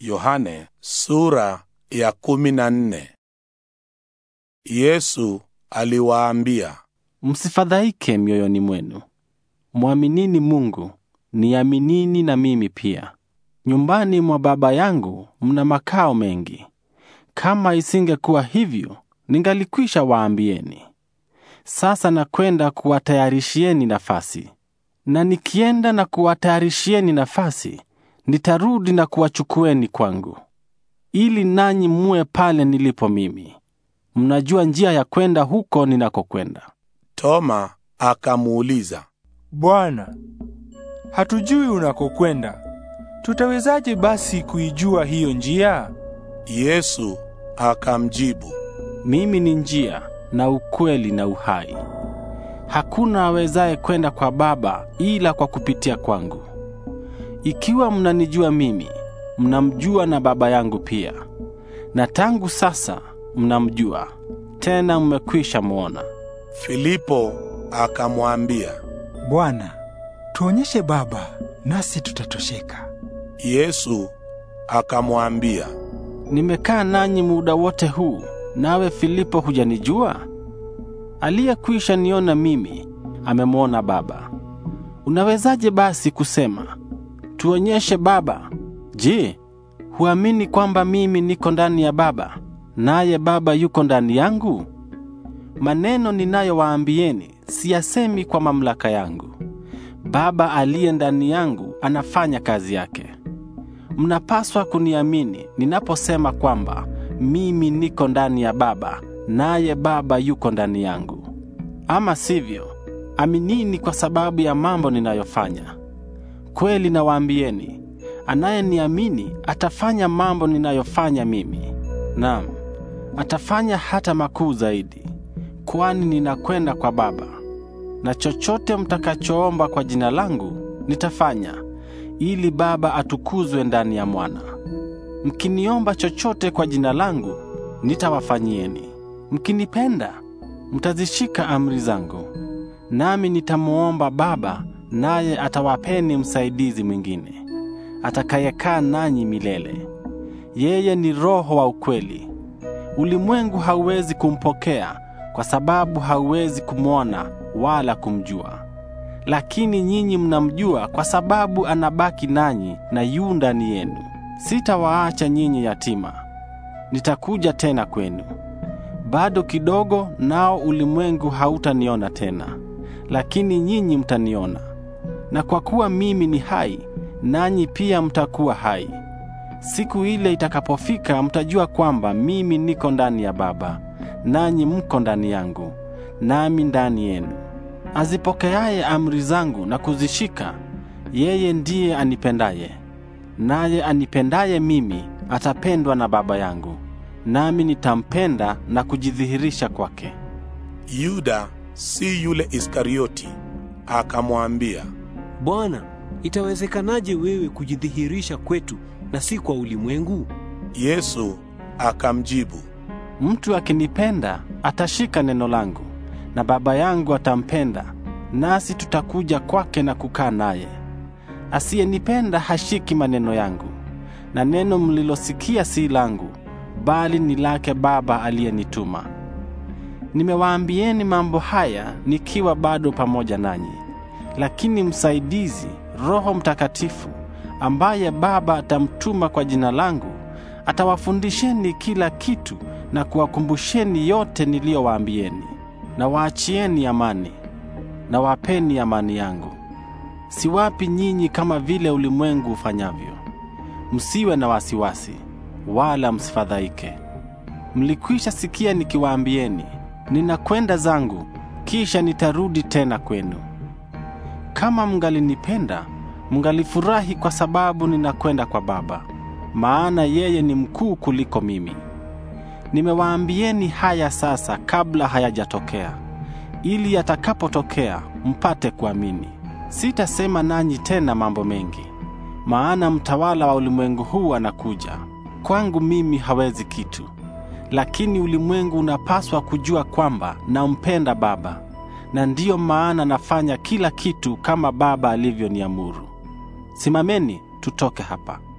Yohane sura ya kumi na nne. Yesu aliwaambia, msifadhaike mioyoni mwenu, mwaminini Mungu, niaminini na mimi pia. Nyumbani mwa Baba yangu mna makao mengi; kama isingekuwa hivyo, ningalikwisha waambieni. Sasa nakwenda kuwatayarishieni nafasi, na nikienda na kuwatayarishieni nafasi nitarudi na kuwachukueni kwangu, ili nanyi muwe pale nilipo mimi. Mnajua njia ya kwenda huko ninakokwenda. Toma akamuuliza, Bwana, hatujui unakokwenda, tutawezaje basi kuijua hiyo njia? Yesu akamjibu, mimi ni njia na ukweli na uhai. Hakuna awezaye kwenda kwa Baba ila kwa kupitia kwangu. Ikiwa mnanijua mimi, mnamjua na Baba yangu pia. Na tangu sasa mnamjua tena, mmekwisha mwona. Filipo akamwambia, Bwana, tuonyeshe Baba nasi tutatosheka. Yesu akamwambia, nimekaa nanyi muda wote huu, nawe Filipo hujanijua? Aliyekwisha niona mimi amemwona Baba. Unawezaje basi kusema tuonyeshe Baba. Je, huamini kwamba mimi niko ndani ya Baba naye Baba yuko ndani yangu? Maneno ninayowaambieni siyasemi kwa mamlaka yangu. Baba aliye ndani yangu anafanya kazi yake. Mnapaswa kuniamini ninaposema kwamba mimi niko ndani ya Baba naye Baba yuko ndani yangu. Ama sivyo, aminini kwa sababu ya mambo ninayofanya. Kweli nawaambieni, anayeniamini atafanya mambo ninayofanya mimi, naam, atafanya hata makuu zaidi, kwani ninakwenda kwa Baba. Na chochote mtakachoomba kwa jina langu nitafanya, ili Baba atukuzwe ndani ya Mwana. Mkiniomba chochote kwa jina langu nitawafanyieni. Mkinipenda mtazishika amri zangu, nami nitamwomba Baba naye atawapeni msaidizi mwingine atakayekaa nanyi milele. Yeye ni Roho wa ukweli. Ulimwengu hauwezi kumpokea kwa sababu hauwezi kumwona wala kumjua, lakini nyinyi mnamjua kwa sababu anabaki nanyi na yu ndani yenu. Sitawaacha nyinyi yatima, nitakuja tena kwenu. Bado kidogo, nao ulimwengu hautaniona tena, lakini nyinyi mtaniona. Na kwa kuwa mimi ni hai, nanyi pia mtakuwa hai. Siku ile itakapofika, mtajua kwamba mimi niko ndani ya Baba, nanyi mko ndani yangu, nami ndani yenu. Azipokeaye amri zangu na kuzishika, yeye ndiye anipendaye. Naye anipendaye mimi atapendwa na Baba yangu, nami nitampenda na kujidhihirisha kwake. Yuda si yule Iskarioti akamwambia Bwana, itawezekanaje wewe kujidhihirisha kwetu na si kwa ulimwengu? Yesu akamjibu, mtu akinipenda atashika neno langu, na Baba yangu atampenda, nasi tutakuja kwake na kukaa naye. Asiyenipenda hashiki maneno yangu, na neno mlilosikia si langu, bali ni lake Baba aliyenituma. Nimewaambieni mambo haya nikiwa bado pamoja nanyi lakini msaidizi, Roho Mtakatifu, ambaye Baba atamtuma kwa jina langu, atawafundisheni kila kitu na kuwakumbusheni yote niliyowaambieni. Na waachieni amani, na wapeni amani yangu. Siwapi nyinyi kama vile ulimwengu ufanyavyo. Msiwe na wasiwasi wala msifadhaike. Mlikwisha sikia nikiwaambieni, ninakwenda zangu, kisha nitarudi tena kwenu. Kama mngalinipenda, mngalifurahi kwa sababu ninakwenda kwa Baba, maana yeye ni mkuu kuliko mimi. Nimewaambieni haya sasa kabla hayajatokea, ili yatakapotokea mpate kuamini. Sitasema nanyi tena mambo mengi, maana mtawala wa ulimwengu huu anakuja. Kwangu mimi hawezi kitu, lakini ulimwengu unapaswa kujua kwamba nampenda Baba na ndiyo maana nafanya kila kitu kama Baba alivyoniamuru. Simameni, tutoke hapa.